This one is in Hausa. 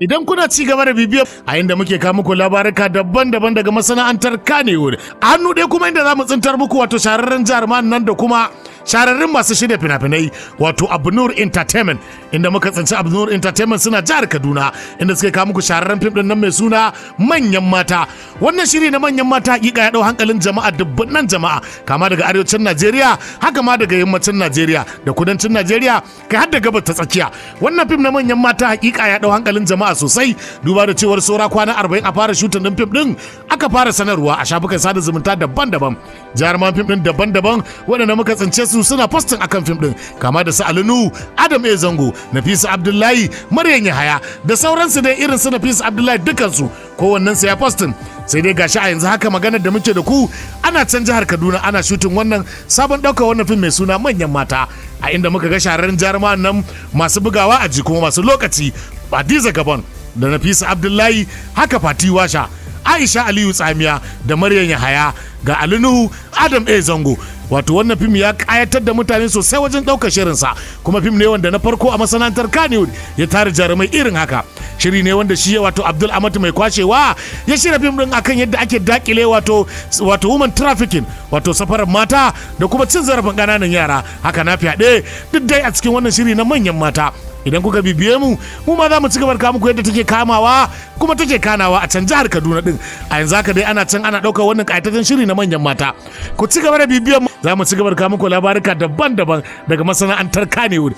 Idan kuna ci gaba da bibiyo a inda muke kawo muku labaruka daban-daban daga masana'antar Kanewood, a hannu ɗaya kuma inda za mu tsintar muku wato shahararren jaruman nan da kuma shararrun masu shirya fina-finai wato abnur entertainment inda muka tsinci abnur entertainment suna jihar kaduna inda suka kawo muku shararren fim din nan mai suna manyan mata wannan shiri na manyan mata hakika ya dau hankalin jama'a nan jama'a kama daga arewacin najeriya haka ma daga yammacin najeriya da kudancin najeriya kai har da gabas ta tsakiya wannan fim na manyan mata hakika ya dau hankalin jama'a sosai duba da cewar saura kwana arba'in a fara shutin din fim din aka fara sanarwa a shafukan sada zumunta daban-daban jaruman fim din daban-daban waɗanda muka tsince su suna postin akan fim din kama da su alinu adam e zango nafisa abdullahi maryam yahaya da sauransu dai irin su nafisa abdullahi dukansu su ya fostin sai dai gashi a yanzu haka maganar da muke da ku ana can jihar kaduna ana shutin wannan sabon ɗaukar wannan fim mai suna manyan mata a inda muka ga shahararren jaruman nan masu bugawa a ji kuma masu lokaci badiza gabon da nafisa abdullahi haka fati washa aisha aliyu tsamiya da maryam yahaya ga alinuhu adam a zango wato wannan fim ya kayatar da mutane sosai wajen ɗaukar shirinsa kuma fim ne wanda na farko a masana'antar kaniwood ya tara jarumai irin haka shiri ne wanda shi wato abdul amatu mai kwashewa ya shirya fim din akan yadda ake dakile wato wato woman trafficking wato safarar mata da kuma cin zarafin ƙananan yara haka na fyaɗe duk dai a cikin wannan shiri na manyan mata idan kuka bibiye mu mu ma za mu ci gabar muku yadda take kamawa kuma take kanawa a can jihar Kaduna din a yanzu haka dai ana can ana ɗaukar wannan kaitaccen shiri na manyan mata ku ci gaba da bibiyan mu za mu ci gabar muku labaruka daban-daban daga masana'antar Kannywood